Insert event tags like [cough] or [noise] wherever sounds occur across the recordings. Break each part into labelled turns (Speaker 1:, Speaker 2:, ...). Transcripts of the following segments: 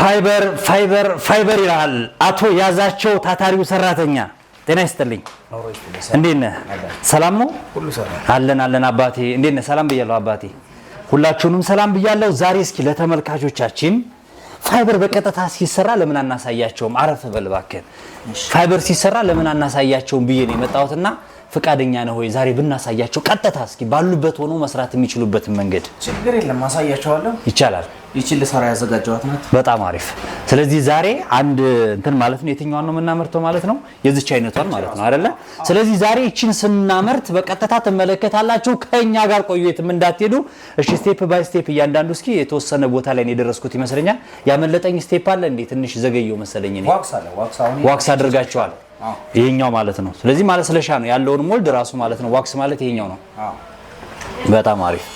Speaker 1: ፋይበር ፋይበር ፋይበር ይላል አቶ ያዛቸው ታታሪው ሰራተኛ። ጤና ይስጥልኝ፣ እንዴት ነህ? ሰላም ነው? አለን አለን አባቴ፣ እንዴት ነህ? ሰላም ብያለሁ አባቴ፣ ሁላችሁንም ሰላም ብያለሁ። ዛሬ እስኪ ለተመልካቾቻችን ፋይበር በቀጥታ ሲሰራ ለምን አናሳያቸውም? አረፍ በል እባክህን፣ ፋይበር ሲሰራ ለምን አናሳያቸውም ብዬ ነው የመጣሁትና ፍቃደኛ ነህ ወይ? ዛሬ ብናሳያቸው ቀጥታ እስኪ ባሉበት ሆኖ መስራት የሚችሉበትን መንገድ። ችግር የለም አሳያቸዋለሁ። ይቻላል። ይችል ሰራ ያዘጋጀዋት ናት። በጣም አሪፍ። ስለዚህ ዛሬ አንድ እንትን ማለት ነው። የትኛዋን ነው የምናመርተው ማለት ነው? የዚች አይነቷን ማለት ነው አይደለ? ስለዚህ ዛሬ ይችን ስናመርት በቀጥታ ትመለከታላችሁ። ከኛ ጋር ቆዩ፣ የትም እንዳትሄዱ። እሺ፣ ስቴፕ ባይ ስቴፕ እያንዳንዱ እስኪ የተወሰነ ቦታ ላይ ነው የደረስኩት ይመስለኛል። ያመለጠኝ ስቴፕ አለ እንዴ? ትንሽ ዘገየው መሰለኝ። ዋክስ አድርጋችኋል ይሄኛው ማለት ነው። ስለዚህ ማለስለሻ ነው ያለውን ሞልድ ራሱ ማለት ነው። ዋክስ ማለት ይሄኛው ነው። በጣም አሪፍ።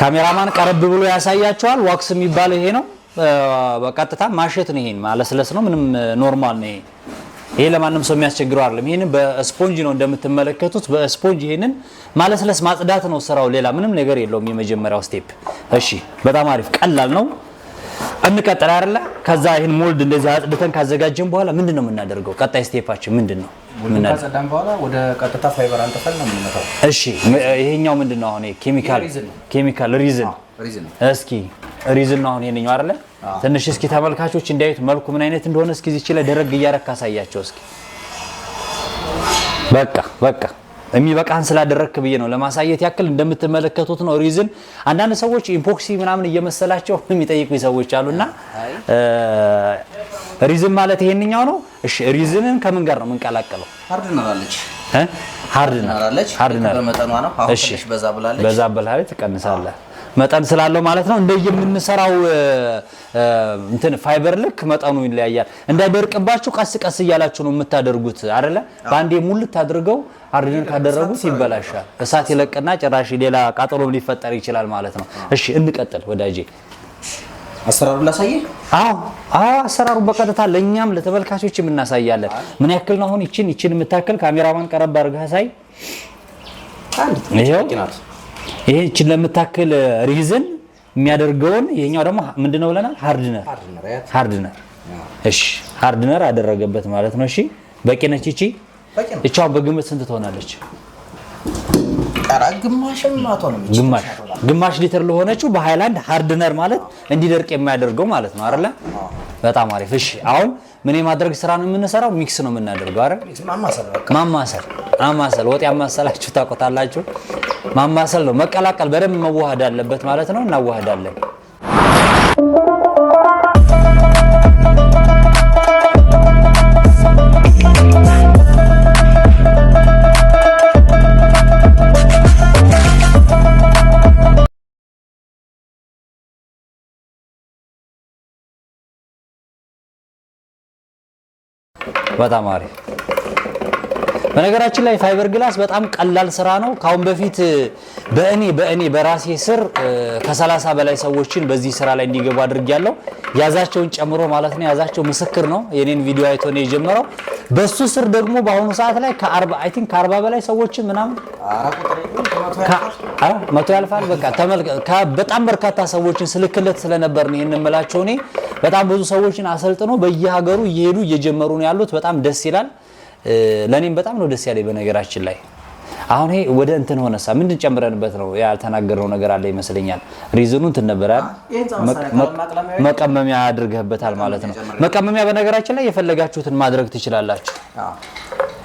Speaker 1: ካሜራማን ቀረብ ብሎ ያሳያቸዋል። ዋክስ የሚባለው ይሄ ነው። በቀጥታ ማሸት ነው። ይሄን ማለስለስ ነው። ምንም ኖርማል ነው ይሄ ለማንም ሰው የሚያስቸግረው አይደለም። ይሄንን በስፖንጅ ነው እንደምትመለከቱት፣ በስፖንጅ ይሄንን ማለስለስ ማጽዳት ነው ስራው፣ ሌላ ምንም ነገር የለውም የመጀመሪያው ስቴፕ። እሺ፣ በጣም አሪፍ ቀላል ነው። እንቀጥል አይደለ? ከዛ ይህን ሞልድ እንደዚህ አጽድተን ካዘጋጀን በኋላ ምንድን ነው የምናደርገው? ቀጣይ ስቴፓችን ምንድን ነው? ካጸዳን በኋላ ወደ ቀጥታ ፋይበር አንጥፈን ነው የምንመታው። እሺ፣ ይሄኛው ምንድን ነው? አሁን ኬሚካል ኬሚካል ሪዝን እስኪ ሪዝን ነው አሁን አይደለ? ትንሽ እስኪ ተመልካቾች እንዲያዩት መልኩ ምን አይነት እንደሆነ እስኪ ደረግ አሳያቸው እስኪ። በቃ በቃ የሚበቃን ስላደረግክ ብዬ ነው ለማሳየት ያክል እንደምትመለከቱት ነው። ሪዝን አንዳንድ ሰዎች ኢምፖክሲ ምናምን እየመሰላቸው [laughs] የሚጠይቁ ሰዎች አሉና ሪዝን ማለት ይሄንኛው ነው። እሺ ሪዝንን ከምን ጋር ነው የምንቀላቀለው? ሀርድ ናለች ሀርድ ናለች ሀርድ ናለች በመጠኗ ነው። አሁን ትንሽ በዛ ብላለች። በዛ ብላለች ትቀንሳለህ መጠን ስላለው ማለት ነው። እንደ የምንሰራው እንትን ፋይበር ልክ መጠኑ ይለያያል። እንዳይደርቅባችሁ ቀስ ቀስ እያላችሁ ነው የምታደርጉት አይደለ? በአንዴ ሙሉ አድርገው አርድን ካደረጉት ይበላሻል። እሳት ይለቅና ጭራሽ ሌላ ቃጠሎም ሊፈጠር ይችላል ማለት ነው። እሺ እንቀጥል ወዳጄ። አሰራሩ ላሳየ። አዎ አሰራሩ በቀጥታ ለእኛም ለተመልካቾች እናሳያለን። ምን ያክል ነው አሁን? ይችን ይችን የምታክል ካሜራማን ቀረብ አድርገህ ሳይ። ይኸው ይህችን ለምታክል ሪዝን የሚያደርገውን ይሄኛው ደግሞ ምንድነው ብለናል? ሃርድነር እሺ ሃርድነር አደረገበት ማለት ነው። እሺ በቂ ነች። እቺ እቻውን በግምት ስንት ትሆናለች? ግማሽ ሊትር ለሆነችው በሃይላንድ ሃርድነር ማለት እንዲደርቅ የሚያደርገው ማለት ነው አይደለ? በጣም አሪፍ። እሺ አሁን ምን የማድረግ ስራ ነው የምንሰራው? ሚክስ ነው የምናደርገው አይደል? ማማሰል ማማሰል፣ ወጥ ያማሰላችሁ ታቆታላችሁ። ማማሰል ነው መቀላቀል፣ በደንብ መዋሃድ አለበት ማለት ነው። እናዋህዳለን በጣም አሪፍ በነገራችን ላይ ፋይበር ግላስ በጣም ቀላል ስራ ነው። ካሁን በፊት በእኔ በእኔ በራሴ ስር ከሰላሳ በላይ ሰዎችን በዚህ ስራ ላይ እንዲገቡ አድርጊያለሁ። ያዛቸውን ጨምሮ ማለት ነው። ያዛቸው ምስክር ነው። የኔን ቪዲዮ አይቶ ነው የጀመረው። በሱ ስር ደግሞ በአሁኑ ሰዓት ላይ ከአርባ አይ በላይ ሰዎችን ምናምን መቶ ያልፋል። በቃ በጣም በርካታ ሰዎችን ስልክለት ስለነበር ነው ይህን እምላቸው እኔ በጣም ብዙ ሰዎችን አሰልጥኖ በየሀገሩ እየሄዱ እየጀመሩ ነው ያሉት። በጣም ደስ ይላል። ለእኔም በጣም ነው ደስ ያለኝ። በነገራችን ላይ አሁን ይሄ ወደ እንትን ሆነሳ ምንድን ጨምረንበት ነው ያልተናገርነው ነገር አለ ይመስለኛል። ሪዝኑ እንትን መቀመሚያ አድርገህበታል ማለት ነው። መቀመሚያ በነገራችን ላይ የፈለጋችሁትን ማድረግ ትችላላችሁ።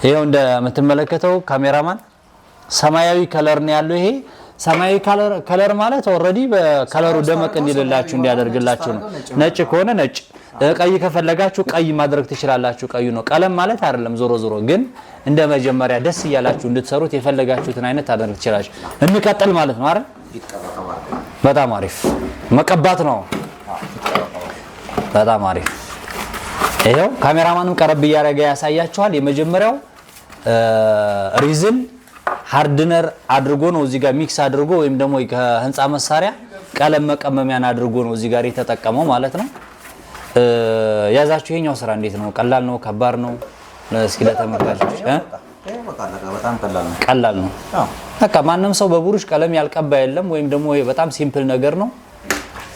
Speaker 1: ይኸው እንደምትመለከተው ካሜራማን ሰማያዊ ከለር ነው ያለው። ይሄ ሰማያዊ ከለር ማለት ኦልሬዲ በከለሩ ደመቅ እንዲልላችሁ እንዲያደርግላችሁ ነው። ነጭ ከሆነ ነጭ ቀይ ከፈለጋችሁ ቀይ ማድረግ ትችላላችሁ። ቀዩ ነው ቀለም ማለት አይደለም። ዞሮ ዞሮ ግን እንደ መጀመሪያ ደስ እያላችሁ እንድትሰሩት የፈለጋችሁትን አይነት ታደርግ ትችላችሁ። እንቀጥል ማለት ነው አይደል? በጣም አሪፍ መቀባት ነው። በጣም አሪፍ ይኸው ካሜራማንም ቀረብ እያደረገ ያሳያችኋል። የመጀመሪያው ሪዝን ሃርድነር አድርጎ ነው እዚህ ጋር ሚክስ አድርጎ ወይም ደግሞ ከህንፃ መሳሪያ ቀለም መቀመሚያን አድርጎ ነው እዚህ ጋር የተጠቀመው ማለት ነው። ያዛችሁ የኛው ስራ እንዴት ነው? ቀላል ነው? ከባድ ነው? እስኪ ለተመልካቾች ቀላል ነው። በቃ ማንም ሰው በቡሩሽ ቀለም ያልቀባ የለም፣ ወይም ደግሞ በጣም ሲምፕል ነገር ነው።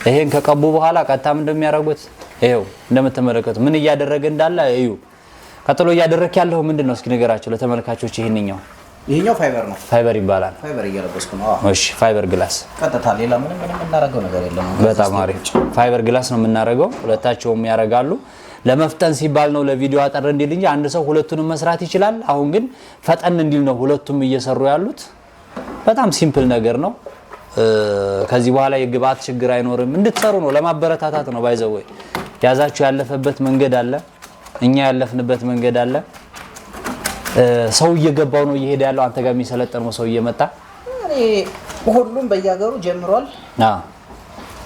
Speaker 1: ይሄን ከቀቡ በኋላ ቀጥታም እንደሚያደርጉት ይኸው እንደምትመለከቱ ምን እያደረገ እንዳለ እዩ። ቀጥሎ እያደረክ ያለው ምንድን ነው? እስኪ ንገራቸው ለተመልካቾች ይህንኛው ይሄኛው ፋይበር ነው። ፋይበር ይባላል። ፋይበር እየለበስኩ ነው። እሺ፣ ፋይበር ግላስ ቀጥታ፣ ሌላ ምንም የምናደርገው ነገር የለም። በጣም አሪፍ ፋይበር ግላስ ነው የምናደርገው። ሁለታቸውም ያደርጋሉ። ለመፍጠን ሲባል ነው ለቪዲዮ አጠር እንዲል እንጂ አንድ ሰው ሁለቱንም መስራት ይችላል። አሁን ግን ፈጠን እንዲል ነው ሁለቱም እየሰሩ ያሉት። በጣም ሲምፕል ነገር ነው። ከዚህ በኋላ የግብአት ችግር አይኖርም። እንድትሰሩ ነው፣ ለማበረታታት ነው። ባይዘወይ ያዛችሁ ያለፈበት መንገድ አለ፣ እኛ ያለፍንበት መንገድ አለ። ሰው እየገባው ነው እየሄደ ያለው አንተ ጋር የሚሰለጠነው ሰው እየመጣ ሁሉም በየሀገሩ ጀምሯል።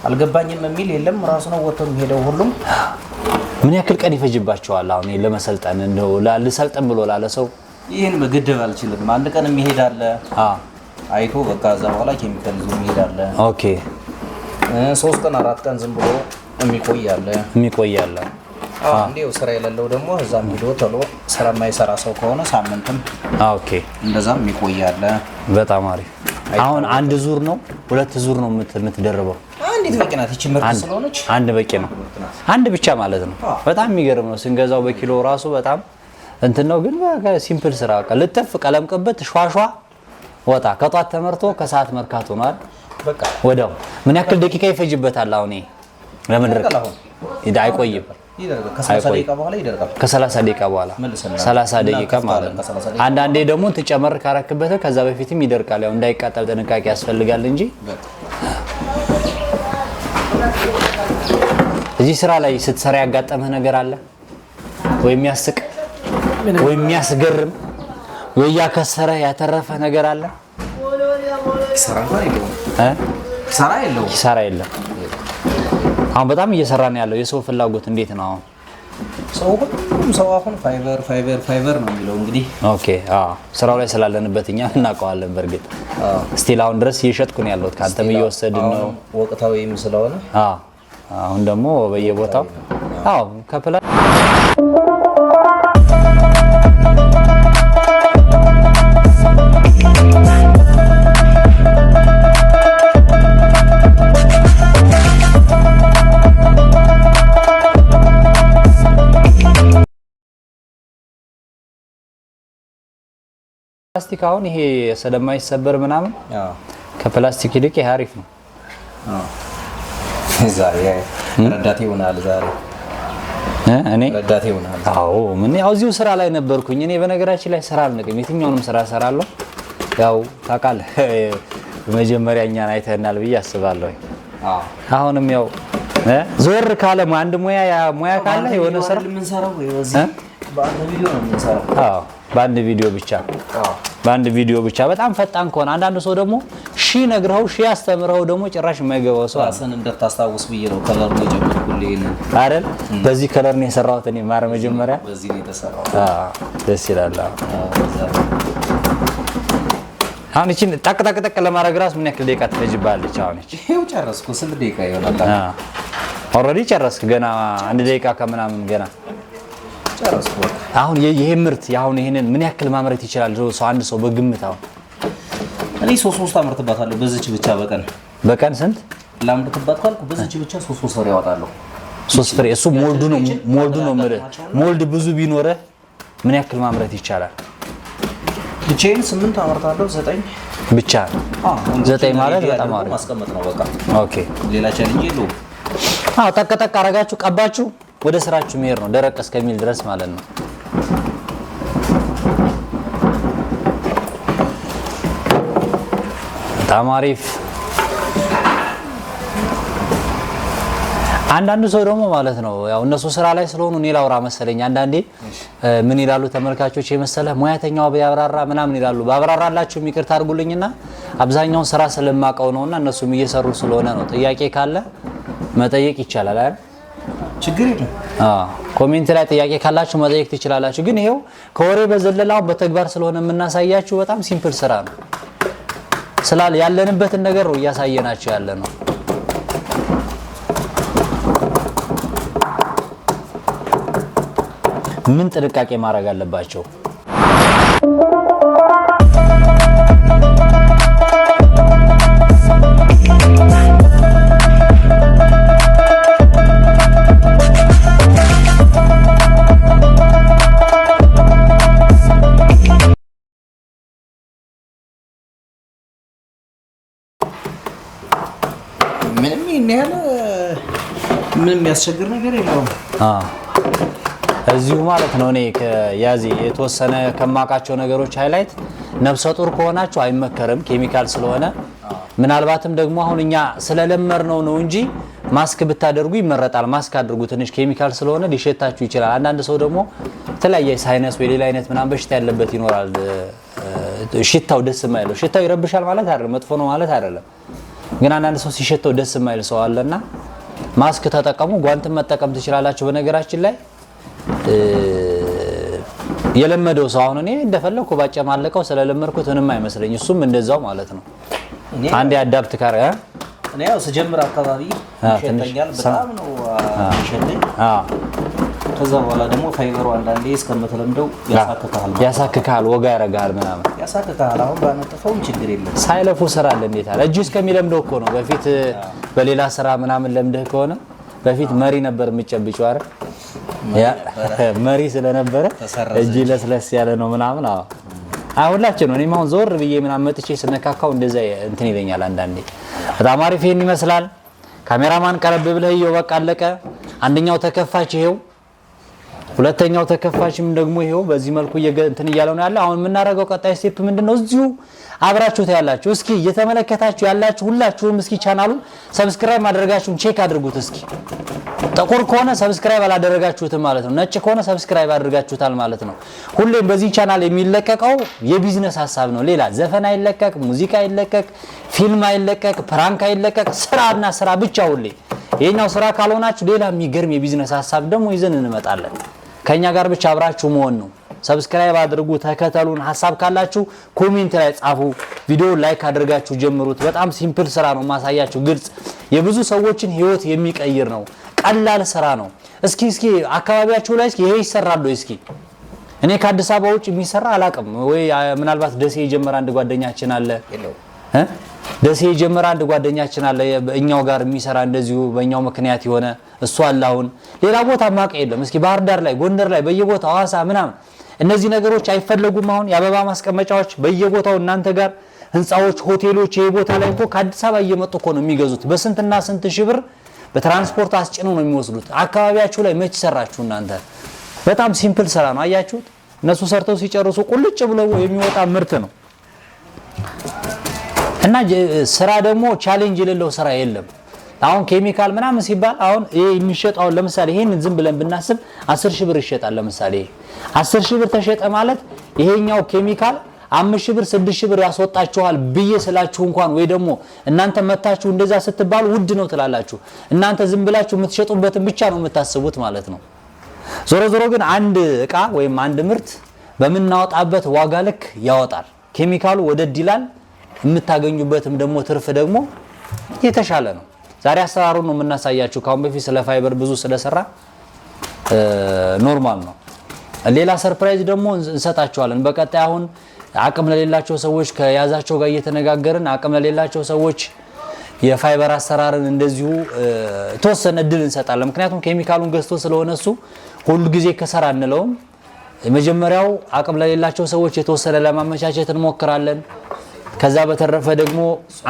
Speaker 1: አልገባኝም የሚል የለም። ራሱ ነው ወጥቶ የሚሄደው ሁሉም። ምን ያክል ቀን ይፈጅባቸዋል? አሁን ለመሰልጠን እንደው ልሰልጠን ብሎ ላለ ሰው ይህን መገደብ አልችልም። አንድ ቀን የሚሄድ አለ አይቶ በቃ እዛ በኋላ ኬሚካል ይዞ የሚሄድ አለ። ሶስት ቀን አራት ቀን ዝም ብሎ የሚቆይ አለ የሚቆይ አለ እንዲው ስራ የሌለው ደግሞ እዛም ሄዶ ተሎ ስራ የማይሰራ ሰው ከሆነ ሳምንትም ኦኬ፣ እንደዛም ይቆያል። በጣም አሪፍ። አሁን አንድ ዙር ነው ሁለት ዙር ነው የምትደርበው? አንዲት በቂ ናት። ይቺ ምርት ስለሆነች አንድ በቂ ነው። አንድ ብቻ ማለት ነው። በጣም የሚገርም ነው። ስንገዛው በኪሎ ራሱ በጣም እንትን ነው፣ ግን ሲምፕል ስራ በቃ ልጥፍ፣ ቀለም ቅብት፣ ሿሿ ወጣ። ከጧት ተመርቶ ከሰዓት መርካት ሆኗል። አይደል? በቃ ወዲያው ምን ያክል ደቂቃ ይፈጅበታል? አሁን ለመድረቅ አይቆይም። ከ ደቂቃ በኋላ ሰላሳ ደቂቃ ማለት ነው። አንዳንዴ ደግሞ ትጨመር ካረክበት ከዛ በፊትም ይደርቃል። ያው እንዳይቃጠል ጥንቃቄ ያስፈልጋል እንጂ እዚህ ስራ ላይ ስትሰራ ያጋጠመህ ነገር አለ ወይ? የሚያስቅ ወይ የሚያስገርም ወይ ያከሰረ ያተረፈ ነገር አለ? ኪሳራ የለም። አሁን በጣም እየሰራ ነው ያለው የሰው ፍላጎት እንዴት ነው አሁን? ሰው ሁሉም ሰው አሁን ፋይበር ፋይበር ፋይበር ነው የሚለው። እንግዲህ ኦኬ አዎ፣ ስራው ላይ ስላለንበት እኛ እናውቀዋለን። በእርግጥ ስቲል አሁን ድረስ እየሸጥኩ ነው ያለሁት፣ ከአንተም እየወሰድን ነው። ወቅታዊም ስለሆነ አሁን ደግሞ በየቦታው አዎ ከፕላ ፕላስቲክ አሁን ይሄ ስለማይሰበር ምናምን ከፕላስቲክ ይልቅ ይሄ አሪፍ ነው። ረዳት ይሆናል ዛሬ እኔ ረዳት ይሆናል። ምን ያው እዚሁ ስራ ላይ ነበርኩኝ እኔ በነገራችን ላይ ስራ አልንቅም፣ የትኛውንም ስራ እሰራለሁ። ያው ታውቃለህ በመጀመሪያ [laughs] እኛን አይተህናል ብዬ አስባለሁ። አሁንም ያው ዞር ካለ አንድ ሙያ ሙያ ካለ የሆነ ስራ በአንድ ቪዲዮ ብቻ በአንድ ቪዲዮ ብቻ በጣም ፈጣን ከሆነ አንዳንድ ሰው ደግሞ ሺ ነግረው ሺ አስተምረኸው ደግሞ ጭራሽ የማይገባው ሰው አሰን እንደታስታውስ ብዬ ነው። ከለር ነው የጀመርኩልህ ይሄንን አይደል? በዚህ ከለር ነው የሰራሁት እኔ ማር መጀመሪያ በዚህ ነው የተሰራው የተሰራሁት። ደስ ይላል። አሁን እቺን ጠቅ ጠቅ ጠቅ ለማድረግ ራስ ምን ያክል ደቂቃ ትፈጅባለች? አሁን እቺ ይሄው ጨረስኩ። ስንት ደቂቃ ይሆናል? ኦልሬዲ ጨረስክ። ገና አንድ ደቂቃ ከምናምን ገና አሁን ይሄ ምርት አሁን ይሄንን ምን ያክል ማምረት ይችላል ሰው አንድ ሰው በግምት? አሁን እኔ ሶስት ሶስት አመርትባታለሁ በዚች ብቻ በቀን በቀን ስንት ላምርትባት ካልኩ በዚች ብቻ ሶስት ሶስት ፍሬ ያወጣለሁ። ሶስት ፍሬ እሱ ሞልዱ ነው ሞልዱ ነው የምልህ። ሞልድ ብዙ ቢኖረ ምን ያክል ማምረት ይቻላል? ብቻዬን ስምንት አመርታለሁ ዘጠኝ ብቻ ዘጠኝ ማለት በጣም አሪፍ ማስቀመጥ ነው። በቃ ኦኬ። ሌላ ቻሌንጅ የለውም። አዎ ጠቅ ጠቅ አረጋችሁ ቀባችሁ ወደ ስራችሁ መሄድ ነው፣ ደረቅ እስከሚል ድረስ ማለት ነው። በጣም አሪፍ። አንዳንዱ ሰው ደግሞ ማለት ነው ያው እነሱ ስራ ላይ ስለሆኑ እኔ ላውራ መሰለኝ። አንዳንዴ ምን ይላሉ ተመልካቾች የመሰለ ሙያተኛው ቢያብራራ ምናምን ይላሉ። ባብራራላችሁ ይቅርታ አድርጉልኝና አብዛኛውን ስራ ስለማቀው ነውና እነሱም እየሰሩ ስለሆነ ነው። ጥያቄ ካለ መጠየቅ ይቻላል አይደል? ችግር የለም። ኮሜንት ላይ ጥያቄ ካላችሁ መጠየቅ ትችላላችሁ። ግን ይሄው ከወሬ በዘለላው በተግባር ስለሆነ የምናሳያችሁ በጣም ሲምፕል ስራ ነው። ስላል ያለንበትን ነገር ነው እያሳየናቸው ያለ ነው። ምን ጥንቃቄ ማድረግ አለባቸው? የሚያስቸግር ነገር የለውም። እዚሁ ማለት ነው። እኔ ያዚ የተወሰነ ከማውቃቸው ነገሮች ሃይላይት ነፍሰ ጡር ከሆናችሁ አይመከርም ኬሚካል ስለሆነ ምናልባትም ደግሞ አሁን እኛ ስለለመር ነው ነው እንጂ ማስክ ብታደርጉ ይመረጣል። ማስክ አድርጉ፣ ትንሽ ኬሚካል ስለሆነ ሊሸታችሁ ይችላል። አንዳንድ ሰው ደግሞ የተለያየ ሳይነስ ወይ ሌላ አይነት ምናምን በሽታ ያለበት ይኖራል። ሽታው ደስ የማይለው ሽታው ይረብሻል ማለት አይደለም፣ መጥፎ ነው ማለት አይደለም። ግን አንዳንድ ሰው ሲሸተው ደስ የማይል ሰው አለና ማስክ ተጠቀሙ፣ ጓንትን መጠቀም ትችላላችሁ። በነገራችን ላይ የለመደው ሰው አሁን እኔ እንደፈለኩ ማለቀው ስለለመድኩት ምንም አይመስለኝ፣ እሱም እንደዛው ማለት ነው። አንድ የአዳፕት ካረ እኔ ያው ስጀምር አካባቢ ይሸተኛል፣ በጣም ነው ይሸተኝ ከዛ በኋላ ደግሞ ፋይበሩ አንዳንዴ እስከምትለምደው ያሳክካል፣ ያሳክካል፣ ወጋ ያረጋል፣ ምናምን ያሳክካል። አሁን ባነጥፈውም ችግር የለም። ሳይለፉ ስራ አለ። እንዴት አለ እጁ እስከሚለምደው እኮ ነው። በፊት በሌላ ስራ ምናምን ለምደህ ከሆነ በፊት መሪ ነበር የምጨብጭ አረ [laughs] መሪ ስለነበረ እጅ ለስለስ ያለ ነው ምናምን። አዎ አሁላችን ነው። እኔም አሁን ዞር ብዬ ምናምን መጥቼ ስነካካው እንደዛ እንትን ይለኛል አንዳንዴ። በጣም አሪፍ ይህን ይመስላል። ካሜራማን ቀረብ ብለህ እየው፣ በቃ አለቀ። አንደኛው ተከፋች ይሄው ሁለተኛው ተከፋችም ደግሞ ይሄው በዚህ መልኩ እንትን እያለው ነው ያለ። አሁን የምናደርገው ቀጣይ ስቴፕ ምንድን ነው? እዚሁ አብራችሁ ታያላችሁ። እስኪ እየተመለከታችሁ ያላችሁ ሁላችሁም እስኪ ቻናሉን ሰብስክራይብ ማድረጋችሁን ቼክ አድርጉት። እስኪ ጥቁር ከሆነ ሰብስክራይብ አላደረጋችሁትም ማለት ነው። ነጭ ከሆነ ሰብስክራይብ አድርጋችሁታል ማለት ነው። ሁሌም በዚህ ቻናል የሚለቀቀው የቢዝነስ ሀሳብ ነው። ሌላ ዘፈን አይለቀቅ፣ ሙዚቃ አይለቀቅ፣ ፊልም አይለቀቅ፣ ፕራንክ አይለቀቅ። ስራና ስራ ብቻ ሁሌ። ይህኛው ስራ ካልሆናችሁ ሌላ የሚገርም የቢዝነስ ሀሳብ ደግሞ ይዘን እንመጣለን። ከኛ ጋር ብቻ አብራችሁ መሆን ነው። ሰብስክራይብ አድርጉ፣ ተከተሉን። ሀሳብ ካላችሁ ኮሜንት ላይ ጻፉ። ቪዲዮ ላይክ አድርጋችሁ ጀምሩት። በጣም ሲምፕል ስራ ነው ማሳያችሁ። ግልጽ የብዙ ሰዎችን ህይወት የሚቀይር ነው። ቀላል ስራ ነው። እስኪ እስኪ አካባቢያችሁ ላይ እስኪ ይሄ ይሰራሉ። እስኪ እኔ ከአዲስ አበባ ውጭ የሚሰራ አላውቅም ወይ ምናልባት ደሴ የጀመረ አንድ ጓደኛችን አለ ደሴ የጀመረ አንድ ጓደኛችን አለ በእኛው ጋር የሚሰራ እንደዚሁ በእኛው ምክንያት የሆነ እሱ አለ። አሁን ሌላ ቦታ ማቀ የለም። እስኪ ባህር ዳር ላይ፣ ጎንደር ላይ በየቦታው ሐዋሳ ምናምን እነዚህ ነገሮች አይፈለጉም። አሁን የአበባ ማስቀመጫዎች በየቦታው እናንተ ጋር ህንፃዎች፣ ሆቴሎች ይሄ ቦታ ላይ እኮ ከአዲስ አበባ እየመጡ እኮ ነው የሚገዙት። በስንትና ስንት ሺህ ብር በትራንስፖርት አስጭነው ነው የሚወስዱት። አካባቢያችሁ ላይ መች ሰራችሁ እናንተ? በጣም ሲምፕል ስራ ነው። አያችሁት? እነሱ ሰርተው ሲጨርሱ ቁልጭ ብለው የሚወጣ ምርት ነው። እና ስራ ደግሞ ቻሌንጅ የሌለው ስራ የለም። አሁን ኬሚካል ምናምን ሲባል አሁን የሚሸጠው አሁን ለምሳሌ ይሄን ዝም ብለን ብናስብ አስር ሺህ ብር ይሸጣል። ለምሳሌ አስር ሺህ ብር ተሸጠ ማለት ይሄኛው ኬሚካል አምስት ሺህ ብር ስድስት ሺህ ብር ያስወጣችኋል ብዬ ስላችሁ እንኳን ወይ ደግሞ እናንተ መታችሁ እንደዛ ስትባሉ ውድ ነው ትላላችሁ። እናንተ ዝም ብላችሁ የምትሸጡበትን ብቻ ነው የምታስቡት ማለት ነው። ዞሮ ዞሮ ግን አንድ እቃ ወይም አንድ ምርት በምናወጣበት ዋጋ ልክ ያወጣል። ኬሚካሉ ወደድ ይላል። የምታገኙበትም ደግሞ ትርፍ ደግሞ የተሻለ ነው። ዛሬ አሰራሩን ነው የምናሳያችሁ። ከአሁን በፊት ስለ ፋይበር ብዙ ስለሰራ ኖርማል ነው። ሌላ ሰርፕራይዝ ደግሞ እንሰጣችኋለን በቀጣይ አሁን አቅም ለሌላቸው ሰዎች ከያዛቸው ጋር እየተነጋገርን አቅም ለሌላቸው ሰዎች የፋይበር አሰራርን እንደዚሁ ተወሰነ እድል እንሰጣለን። ምክንያቱም ኬሚካሉን ገዝቶ ስለሆነ እሱ ሁሉ ጊዜ ከሰራ አንለውም። የመጀመሪያው አቅም ለሌላቸው ሰዎች የተወሰነ ለማመቻቸት እንሞክራለን። ከዛ በተረፈ ደግሞ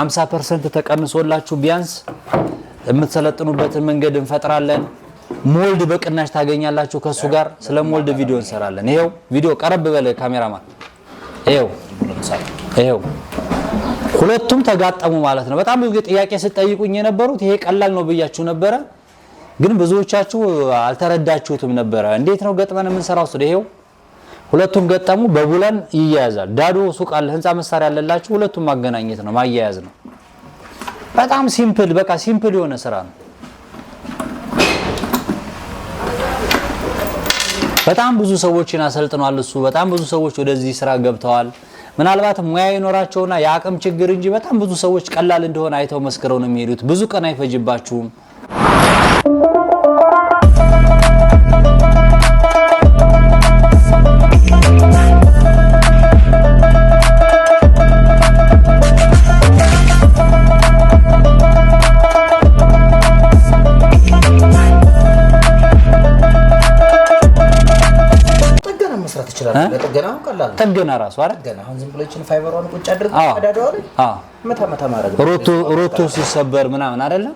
Speaker 1: 50 ፐርሰንት ተቀንሶላችሁ ቢያንስ የምትሰለጥኑበትን መንገድ እንፈጥራለን። ሞልድ በቅናሽ ታገኛላችሁ ከሱ ጋር። ስለ ሞልድ ቪዲዮ እንሰራለን። ይሄው ቪዲዮ ቀረብ በለ ካሜራማን። ይሄው ይሄው ሁለቱም ተጋጠሙ ማለት ነው። በጣም ብዙ ጥያቄ ስትጠይቁኝ የነበሩት ይሄ ቀላል ነው ብያችሁ ነበረ፣ ግን ብዙዎቻችሁ አልተረዳችሁትም ነበረ። እንዴት ነው ገጥመን የምንሰራው? ይሄው ሁለቱም ገጠሙ በቡለን ይያያዛል። ዳዶ ሱቅ አለ፣ ህንፃ መሳሪያ አለላችሁ። ሁለቱም ማገናኘት ነው፣ ማያያዝ ነው። በጣም ሲምፕል፣ በቃ ሲምፕል የሆነ ስራ ነው። በጣም ብዙ ሰዎችን አሰልጥኗል እሱ። በጣም ብዙ ሰዎች ወደዚህ ስራ ገብተዋል። ምናልባት ሙያ ይኖራቸውና የአቅም ችግር እንጂ በጣም ብዙ ሰዎች ቀላል እንደሆነ አይተው መስክረው ነው የሚሄዱት። ብዙ ቀን አይፈጅባችሁም። መስራት ይችላል። ለጥገና ቀላል ጥገና ራሱ አይደል? ጥገና አሁን ዝም ብሎ ይችን ፋይበሯን ቁጭ አድርግ አዳዳው ላይ መታ መታ ማድረግ ሮቶ ሮቶ ሲሰበር ምናምን አይደለ?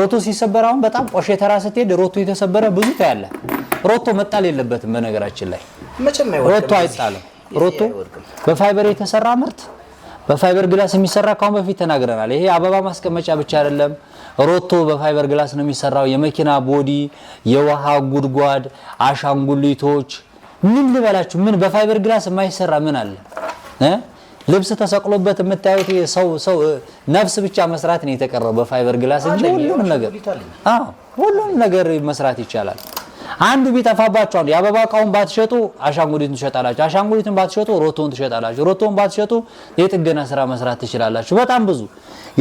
Speaker 1: ሮቶ ሲሰበር አሁን በጣም ቆሼ ተራ ስትሄድ ሮቶ የተሰበረ ብዙ ታያለ። ሮቶ መጣል የለበትም በነገራችን ላይ መቼም አይወድቅም። ሮቶ አይጣልም። ሮቶ በፋይበር የተሰራ ምርት በፋይበር ግላስ የሚሰራ ካሁን በፊት ተናግረናል። ይሄ አበባ ማስቀመጫ ብቻ አይደለም። ሮቶ በፋይበር ግላስ ነው የሚሰራው። የመኪና ቦዲ፣ የውሃ ጉድጓድ፣ አሻንጉሊቶች ምን ልበላችሁ፣ ምን በፋይበር ግላስ የማይሰራ ምን አለ? ልብስ ተሰቅሎበት የምታዩት ሰው ሰው ነፍስ ብቻ መስራት ነው የተቀረው በፋይበር ግላስ እንጂ ሁሉንም ነገር አዎ፣ ሁሉም ነገር መስራት ይቻላል። አንዱ ቢጠፋባቸው አንዱ የአበባ እቃውን ባትሸጡ አሻንጉሊቱን ትሸጣላችሁ፣ አሻንጉሊቱን ባትሸጡ ሮቶን ትሸጣላችሁ፣ ሮቶን ባትሸጡ የጥገና ስራ መስራት ትችላላችሁ። በጣም ብዙ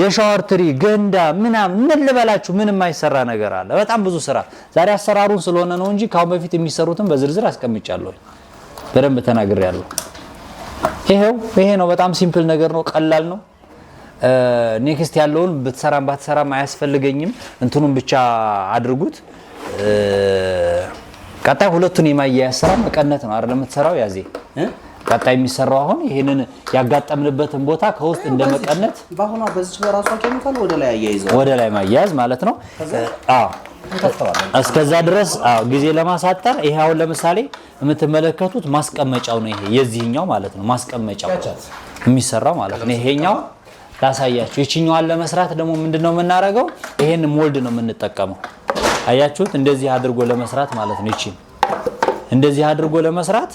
Speaker 1: የሻወር ትሪ፣ ገንዳ ምናምን ምን ልበላችሁ ምን የማይሰራ ነገር አለ። በጣም ብዙ ስራ ዛሬ አሰራሩን ስለሆነ ነው እንጂ ካሁን በፊት የሚሰሩትን በዝርዝር አስቀምጫለሁ፣ በደንብ ተናግሬያለሁ። ይሄው ይሄ ነው። በጣም ሲምፕል ነገር ነው፣ ቀላል ነው። ኔክስት ያለውን ብትሰራም ባትሰራም አያስፈልገኝም። እንትኑን ብቻ አድርጉት። ቀጣይ ሁለቱን የማያያዝ ስራ መቀነት ነው አይደል የምትሰራው? ያዜ ቀጣይ የሚሰራው አሁን ይህንን ያጋጠምንበትን ቦታ ከውስጥ እንደ መቀነት በአሁኗ በዚች በራሷ ኬሚካል ወደ ላይ አያይዘው ወደ ላይ ማያያዝ ማለት ነው። እስከዛ ድረስ ጊዜ ለማሳጠር ይሄ አሁን ለምሳሌ የምትመለከቱት ማስቀመጫው ነው። ይሄ የዚህኛው ማለት ነው ማስቀመጫው የሚሰራው ማለት ነው። ይሄኛው ላሳያችሁ። ይችኛዋን ለመስራት ደግሞ ምንድነው የምናደርገው? ይሄን ሞልድ ነው የምንጠቀመው አያችሁት? እንደዚህ አድርጎ ለመስራት ማለት ነው። እቺ እንደዚህ አድርጎ ለመስራት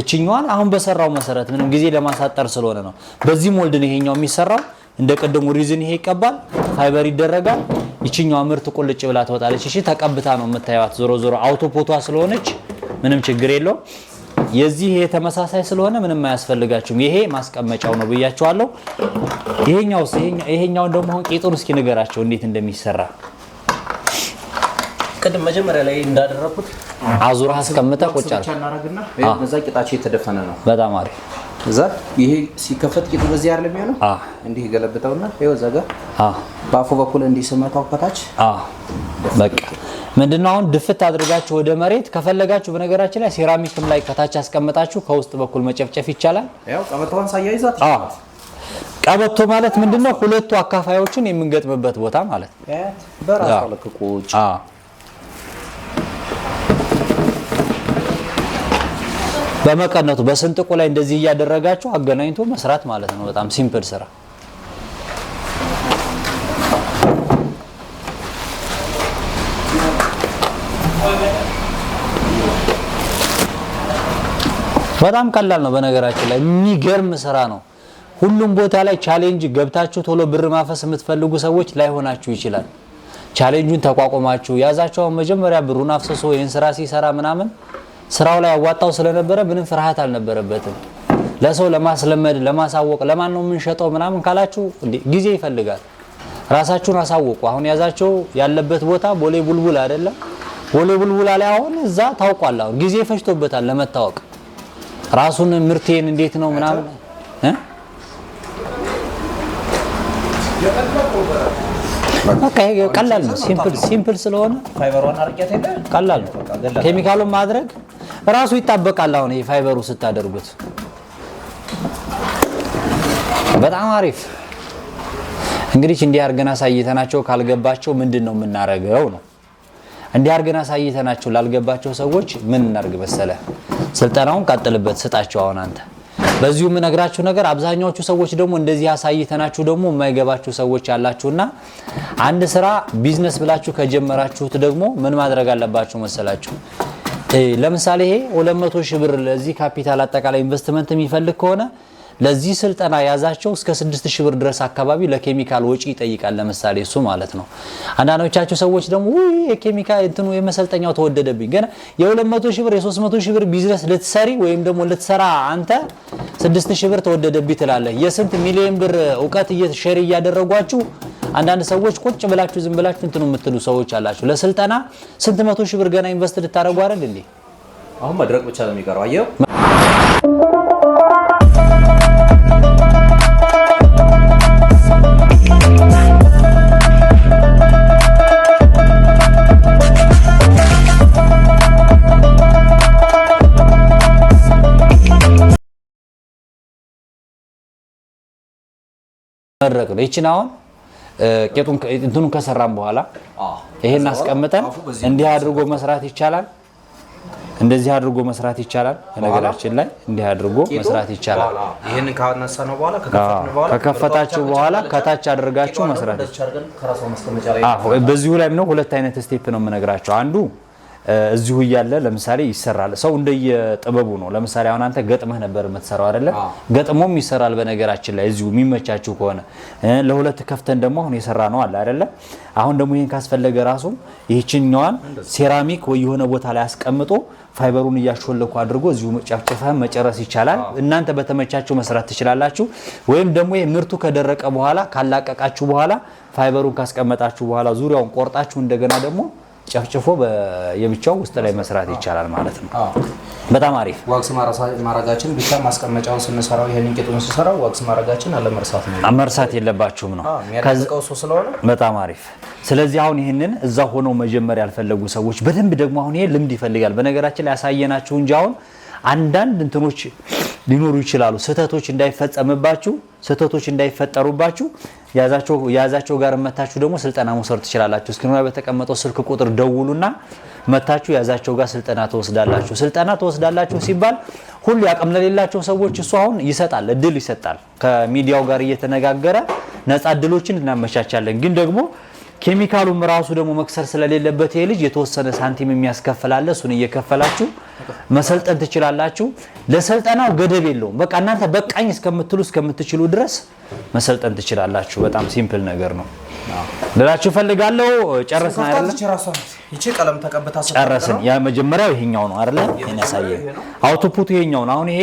Speaker 1: እችኛዋን አሁን በሰራው መሰረት ምንም ጊዜ ለማሳጠር ስለሆነ ነው። በዚህ ሞልድ ነው ይሄኛው የሚሰራው። እንደ ቀደሙ ሪዝን ይሄ ይቀባል፣ ፋይበር ይደረጋል። ይችኛዋ ምርት ቁልጭ ብላ ትወጣለች። እሺ ተቀብታ ነው የምታየዋት። ዞሮ ዞሮ አውቶፖቷ ስለሆነች ምንም ችግር የለውም። የዚህ ይሄ ተመሳሳይ ስለሆነ ምንም አያስፈልጋችሁም። ይሄ ማስቀመጫው ነው ብያችኋለሁ። ይሄኛው ይሄኛው ደግሞ አሁን ቂጡን እስኪ ንገራቸው እንዴት እንደሚሰራ ቅድም መጀመሪያ ላይ እንዳደረኩት አዙራ አስቀምጠ ቁጭ አለ እናረግና በዛ ቂጣቸው የተደፈነ ነው። በጣም አሪፍ። እዛ ይሄ ሲከፈት ቂጡ በዚህ አይደለም የሚሆነው። እንዲህ ገለብጠውና ይኸው እዛ ጋር በአፉ በኩል እንዲህ ስመታው ከታች በቃ ምንድነው አሁን ድፍት አድርጋችሁ ወደ መሬት ከፈለጋችሁ፣ በነገራችን ላይ ሴራሚክም ላይ ከታች አስቀምጣችሁ ከውስጥ በኩል መጨፍጨፍ ይቻላል። ያው ቀበቶዋን ሳያይዛት ቀበቶ ማለት ምንድነው ሁለቱ አካፋዮችን የምንገጥምበት ቦታ ማለት ነው። በራሱ ልክ ቁጭ በመቀነቱ በስንጥቁ ላይ እንደዚህ እያደረጋችሁ አገናኝቶ መስራት ማለት ነው። በጣም ሲምፕል ስራ። በጣም ቀላል ነው። በነገራችን ላይ የሚገርም ስራ ነው። ሁሉም ቦታ ላይ ቻሌንጅ ገብታችሁ ቶሎ ብር ማፈስ የምትፈልጉ ሰዎች ላይሆናችሁ ይችላል። ቻሌንጁን ተቋቁማችሁ ያዛቸውን መጀመሪያ ብሩን አፍሰሶ ይህን ስራ ሲሰራ ምናምን ስራው ላይ ያዋጣው ስለነበረ ምንም ፍርሃት አልነበረበትም። ለሰው ለማስለመድ ለማሳወቅ ለማን ነው የምንሸጠው ምናምን ካላችሁ ጊዜ ይፈልጋል። ራሳችሁን አሳወቁ። አሁን ያዛቸው ያለበት ቦታ ቦሌ ቡልቡል አይደለም። ቦሌ ቡልቡላ ላይ አሁን እዛ ታውቋል። አሁን ጊዜ ፈጅቶበታል ለመታወቅ ራሱን ምርቴን እንዴት ነው ምናምን በቃ ቀላል ነው። ሲምፕል ሲምፕል ስለሆነ ቀላል ነው። ኬሚካሉን ማድረግ ራሱ ይጣበቃል። አሁን የፋይበሩ ስታደርጉት በጣም አሪፍ። እንግዲህ እንዲህ አድርገን አሳይተናቸው ካልገባቸው ምንድን ነው የምናረገው ነው። እንዲህ አድርገን አሳይተናቸው ላልገባቸው ሰዎች ምን እናርግ መሰለ፣ ስልጠናውን ቀጥልበት ስጣቸው። አሁን አንተ በዚሁ የምነግራችሁ ነገር አብዛኛዎቹ ሰዎች ደግሞ እንደዚህ ያሳይተናችሁ ደግሞ የማይገባችሁ ሰዎች አላችሁና አንድ ስራ ቢዝነስ ብላችሁ ከጀመራችሁት ደግሞ ምን ማድረግ አለባችሁ መሰላችሁ? ለምሳሌ ይሄ 200 ሺህ ብር ለዚህ ካፒታል አጠቃላይ ኢንቨስትመንት የሚፈልግ ከሆነ ለዚህ ስልጠና ያዛቸው እስከ 6000 ብር ድረስ አካባቢ ለኬሚካል ወጪ ይጠይቃል። ለምሳሌ እሱ ማለት ነው። አንዳንዶቻቸው ሰዎች ደግሞ ውይ የኬሚካል እንትኑ የመሰልጠኛው ተወደደብኝ፣ ገና የ200 ሺህ ብር የ300 ሺህ ብር ቢዝነስ ልትሰሪ ወይም ደግሞ ልትሰራ አንተ 6000 ብር ተወደደብኝ ትላለህ። የስንት ሚሊዮን ብር እውቀት ሼር እያደረጓችሁ አንዳንድ ሰዎች ቁጭ ብላችሁ ዝም ብላችሁ እንትኑ የምትሉ ሰዎች አላችሁ። ለስልጠና ስንት መቶ ሺህ ብር ገና ኢንቨስት ልታደርጉ አይደል እንዴ? አሁን መድረቅ ብቻ ነው የሚቀረው። አየው መድረቅ ነው። ይችን አሁን ቄጡን እንትኑን ከሰራን በኋላ ይሄን አስቀምጠን እንዲህ አድርጎ መስራት ይቻላል። እንደዚህ አድርጎ መስራት ይቻላል። በነገራችን ላይ እንዲህ አድርጎ መስራት ይቻላል። ይሄን ካነሳ ነው በኋላ ከከፈታችሁ በኋላ ከታች አድርጋችሁ መስራት። አዎ በዚሁ ላይ ነው ሁለት አይነት ስቴፕ ነው የምነግራችሁ አንዱ እዚሁ እያለ ለምሳሌ ይሰራል። ሰው እንደየጥበቡ ነው። ለምሳሌ አሁን አንተ ገጥመህ ነበር የምትሰራው አይደለ? ገጥሞም ይሰራል። በነገራችን ላይ እዚሁ የሚመቻችሁ ከሆነ ለሁለት ከፍተን ደግሞ አሁን የሰራ ነው አለ አይደለ? አሁን ደግሞ ይህን ካስፈለገ ራሱ ይህችኛዋን ሴራሚክ ወይ የሆነ ቦታ ላይ አስቀምጦ ፋይበሩን እያሾለኩ አድርጎ እዚሁ መጨፍጨፈ መጨረስ ይቻላል። እናንተ በተመቻችሁ መስራት ትችላላችሁ። ወይም ደግሞ ምርቱ ከደረቀ በኋላ ካላቀቃችሁ በኋላ ፋይበሩን ካስቀመጣችሁ በኋላ ዙሪያውን ቆርጣችሁ እንደገና ደግሞ ጨፍጭፎ የብቻው ውስጥ ላይ መስራት ይቻላል ማለት ነው። በጣም አሪፍ ዋክስ ማረጋችን ብቻ ማስቀመጫውን ስንሰራው ይህን ቄጡን ስሰራው ዋክስ ማረጋችን አለመርሳት ነው መርሳት የለባችሁም ነው ከቀውሱ ስለሆነ በጣም አሪፍ። ስለዚህ አሁን ይህንን እዛ ሆነው መጀመር ያልፈለጉ ሰዎች በደንብ ደግሞ አሁን ይሄ ልምድ ይፈልጋል። በነገራችን ላይ ያሳየናችሁ እንጂ አሁን አንዳንድ እንትኖች ሊኖሩ ይችላሉ። ስህተቶች እንዳይፈጸምባችሁ፣ ስህተቶች እንዳይፈጠሩባችሁ የያዛቸው ጋር መታችሁ ደግሞ ስልጠና መውሰድ ትችላላችሁ። እስክሪኑ በተቀመጠው ስልክ ቁጥር ደውሉና መታችሁ የያዛቸው ጋር ስልጠና ትወስዳላችሁ። ስልጠና ትወስዳላችሁ ሲባል ሁሉ ያቅም ለሌላቸው ሰዎች እሱ አሁን ይሰጣል፣ እድል ይሰጣል። ከሚዲያው ጋር እየተነጋገረ ነፃ እድሎችን እናመቻቻለን ግን ደግሞ ኬሚካሉም ራሱ ደግሞ መክሰር ስለሌለበት ይሄ ልጅ የተወሰነ ሳንቲም የሚያስከፍላለ እሱን እየከፈላችሁ መሰልጠን ትችላላችሁ። ለስልጠናው ገደብ የለውም። በቃ እናንተ በቃኝ እስከምትሉ እስከምትችሉ ድረስ መሰልጠን ትችላላችሁ። በጣም ሲምፕል ነገር ነው ልላችሁ ፈልጋለሁ። ጨረስን አይደለ? ጨረስን። የመጀመሪያው ይሄኛው ነው አይደለ? ይሄን ያሳየን አውቶፑቱ ይሄኛው ነው። አሁን ይሄ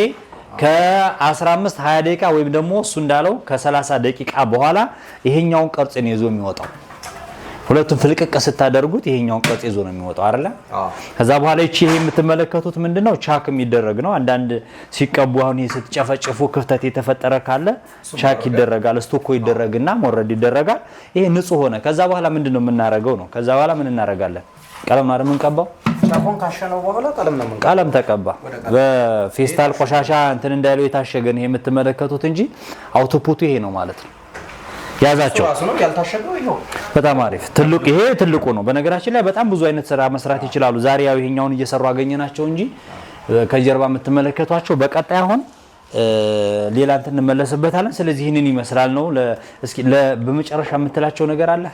Speaker 1: ከ15 20 ደቂቃ ወይም ደግሞ እሱ እንዳለው ከ30 ደቂቃ በኋላ ይሄኛውን ቅርጽን ይዞ የሚወጣው ሁለቱን ፍልቅቅ ስታደርጉት ይሄኛውን ቅርጽ ይዞ ነው የሚወጣው አይደለ? ከዛ በኋላ ይቺ ይሄ የምትመለከቱት ምንድነው ቻክ የሚደረግ ነው። አንዳንድ ሲቀቡ አሁን ይሄ ስትጨፈጭፉ ክፍተት የተፈጠረ ካለ ቻክ ይደረጋል፣ ስቶኮ ይደረግና ሞረድ ይደረጋል። ይሄ ንጹህ ሆነ። ከዛ በኋላ ምንድነው የምናረገው ነው። ከዛ በኋላ ምን እናረጋለን? ቀለም ነው የምንቀባው። ቀለም ተቀባ። በፌስታል ቆሻሻ እንትን እንዳይለው የታሸገን ይሄ የምትመለከቱት እንጂ አውቶፑቱ ይሄ ነው ማለት ነው። ያዛቸው። በጣም አሪፍ ትልቁ፣ ይሄ ትልቁ ነው። በነገራችን ላይ በጣም ብዙ አይነት ስራ መስራት ይችላሉ። ዛሬ ያው ይሄኛውን እየሰሩ አገኘናቸው እንጂ ከጀርባ የምትመለከቷቸው በቀጣይ አሁን ሌላ እንትን እንመለስበታለን። ስለዚህ ይህንን ይመስላል ነው። እስኪ በመጨረሻ የምትላቸው ነገር አለ?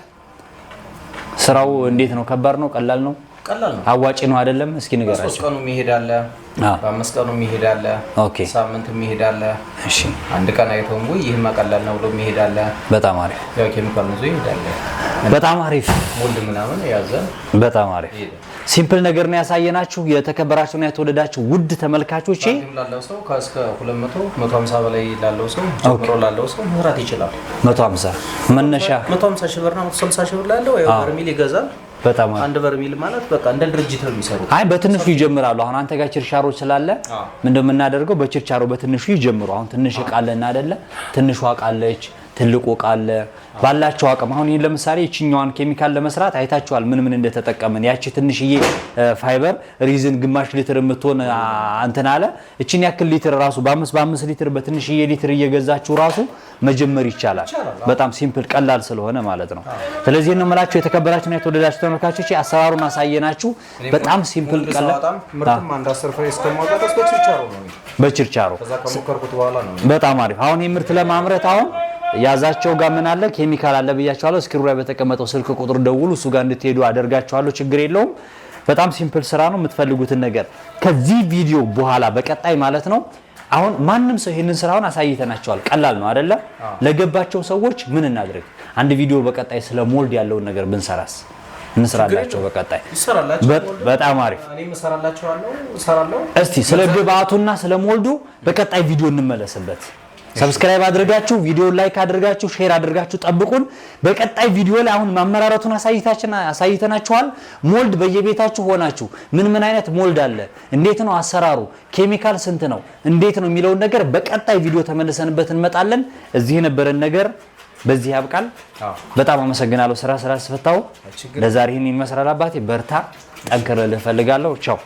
Speaker 1: ስራው እንዴት ነው? ከባድ ነው? ቀላል ነው? አዋጭ ነው አይደለም? እስኪ ንገራቸው። በሶስት ቀኑ የሚሄድ በአምስት ቀኑ የሚሄድ ሳምንት የሚሄድ አለ፣ አንድ ቀን አይተውም ወይ ይህ መቀላል ነው ብሎ የሚሄድ በጣም አሪፍ ያው ኬሚካል ይዞ ይሄዳለ። በጣም አሪፍ ሞልድ ምናምን የያዘ በጣም አሪፍ ሲምፕል ነገር ነው ያሳየናችሁ። የተከበራችሁና የተወደዳችሁ ውድ ተመልካቾቼ ላለው ሰው ከእስከ 200 150 በላይ ላለው ሰው ጀምሮ ላለው ሰው መስራት ይችላል። 150 መነሻ 150 ሺህ ብር ነው 160 ሺህ ብር ላለው ያው በርሚል ይገዛል። በጣም አንድ በርሜል ማለት በቃ እንደ ድርጅት ነው የሚሰሩ። አይ በትንሹ ይጀምራሉ። አሁን አንተ ጋር ችርቻሮ ስላለ ምንድነው የምናደርገው? በችርቻሮ በትንሹ ይጀምሩ። አሁን ትንሽ እቃ አይደለ? ትንሿ እቃ ትልቁ እቃ አለ። ባላቸው አቅም አሁን ይህን ለምሳሌ ይችኛዋን ኬሚካል ለመስራት አይታችኋል፣ ምን ምን እንደተጠቀምን። ያቺ ትንሽዬ ፋይበር ሪዝን ግማሽ ሊትር የምትሆን እንትን አለ። እችን ያክል ሊትር ራሱ በአምስት በአምስት ሊትር በትንሽዬ ሊትር እየገዛችሁ ራሱ መጀመር ይቻላል። በጣም ሲምፕል ቀላል ስለሆነ ማለት ነው። ስለዚህ ነው የምላችሁ የተከበራችሁና የተወደዳችሁ ተመልካቾች አሰራሩን አሳየናችሁ። በጣም ሲምፕል ቀላል በችርቻሮ በጣም አሪፍ አሁን ይህ ምርት ለማምረት አሁን ያዛቸው ጋር ምን አለ ኬሚካል አለ ብያቸዋለሁ። ስክሪኑ ላይ በተቀመጠው ስልክ ቁጥር ደውሉ፣ እሱ ጋር እንድትሄዱ አደርጋቸዋለሁ። ችግር የለውም። በጣም ሲምፕል ስራ ነው። የምትፈልጉትን ነገር ከዚህ ቪዲዮ በኋላ በቀጣይ ማለት ነው። አሁን ማንም ሰው ይህንን ስራውን አሳይተናቸዋል። ቀላል ነው አደለ? ለገባቸው ሰዎች ምን እናድርግ? አንድ ቪዲዮ በቀጣይ ስለ ሞልድ ያለውን ነገር ብንሰራስ? እንስራላቸው በቀጣይ በጣም አሪፍ። እስቲ ስለ ግብአቱና ስለ ሞልዱ በቀጣይ ቪዲዮ እንመለስበት። ሰብስክራይብ አድርጋችሁ ቪዲዮ ላይክ አድርጋችሁ ሼር አድርጋችሁ ጠብቁን። በቀጣይ ቪዲዮ ላይ አሁን ማመራረቱን አሳይተናችኋል። ሞልድ በየቤታችሁ ሆናችሁ ምን ምን አይነት ሞልድ አለ፣ እንዴት ነው አሰራሩ፣ ኬሚካል ስንት ነው፣ እንዴት ነው የሚለውን ነገር በቀጣይ ቪዲዮ ተመልሰንበት እንመጣለን። እዚህ የነበረን ነገር በዚህ ያብቃል። በጣም አመሰግናለሁ። ስራ ስራ ስፈታው ለዛሬ ይህን ይመስላል። አባቴ በርታ፣ ጠንክር ልፈልጋለሁ። ቻው።